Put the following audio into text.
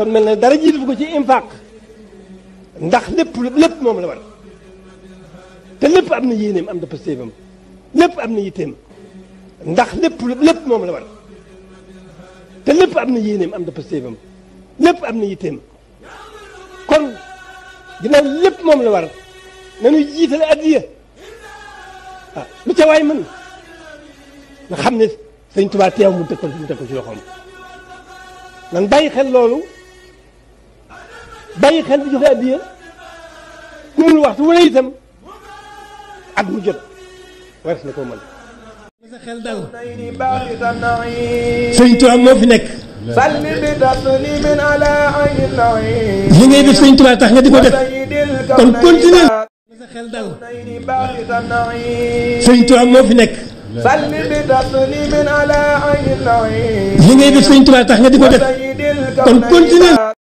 kon mel na dara jiitu ko ci infaq ndax lépp lépp moom la war te lépp am na yéeneem am na pastéefam lépp am na yitteem ndax lépp lépp moom la war te am na yéeneem am na pastéefam lépp am na yitteem kon ginnaaw lépp moom la war nañu jiitale addiya ah lu ca waay mën nga xam ne sëñ Tuubaa teew mu teg ci loxoom nan bàyyi xel loolu bàyyi xel di joxe addiya ku mënul waxtu wu ne itam at mu jot waras na koo mën sa xel dal sëñ Tuubaa moo fi nekk li ngay def sëñ Tuubaa tax nga di ko def kon continuer sa xel dal sëñ Tuubaa moo fi nekk li ngay def sëñ Tuubaa tax nga di ko def kon continuer